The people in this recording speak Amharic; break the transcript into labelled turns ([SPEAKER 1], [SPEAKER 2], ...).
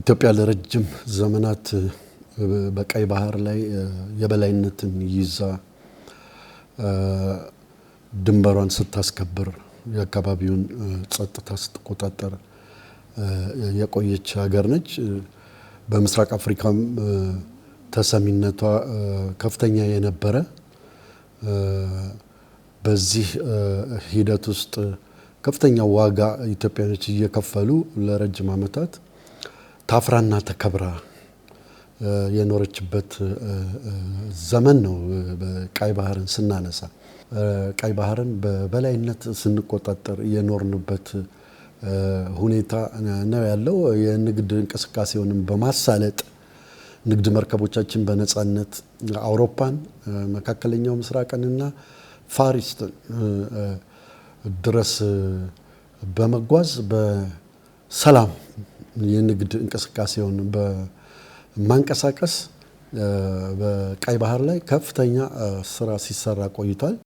[SPEAKER 1] ኢትዮጵያ ለረጅም ዘመናት በቀይ ባህር ላይ የበላይነትን ይዛ ድንበሯን ስታስከብር የአካባቢውን ጸጥታ ስትቆጣጠር የቆየች ሀገር ነች። በምስራቅ አፍሪካም ተሰሚነቷ ከፍተኛ የነበረ በዚህ ሂደት ውስጥ ከፍተኛ ዋጋ ኢትዮጵያኖች እየከፈሉ ለረጅም ዓመታት ታፍራና ተከብራ የኖረችበት ዘመን ነው። ቀይ ባህርን ስናነሳ ቀይ ባህርን በበላይነት ስንቆጣጠር የኖርንበት ሁኔታ ነው ያለው። የንግድ እንቅስቃሴውንም በማሳለጥ ንግድ መርከቦቻችን በነፃነት አውሮፓን፣ መካከለኛው ምስራቅንና ፋሪስትን ድረስ በመጓዝ በሰላም የንግድ እንቅስቃሴውን በማንቀሳቀስ በቀይ ባህር ላይ ከፍተኛ ስራ ሲሰራ ቆይቷል።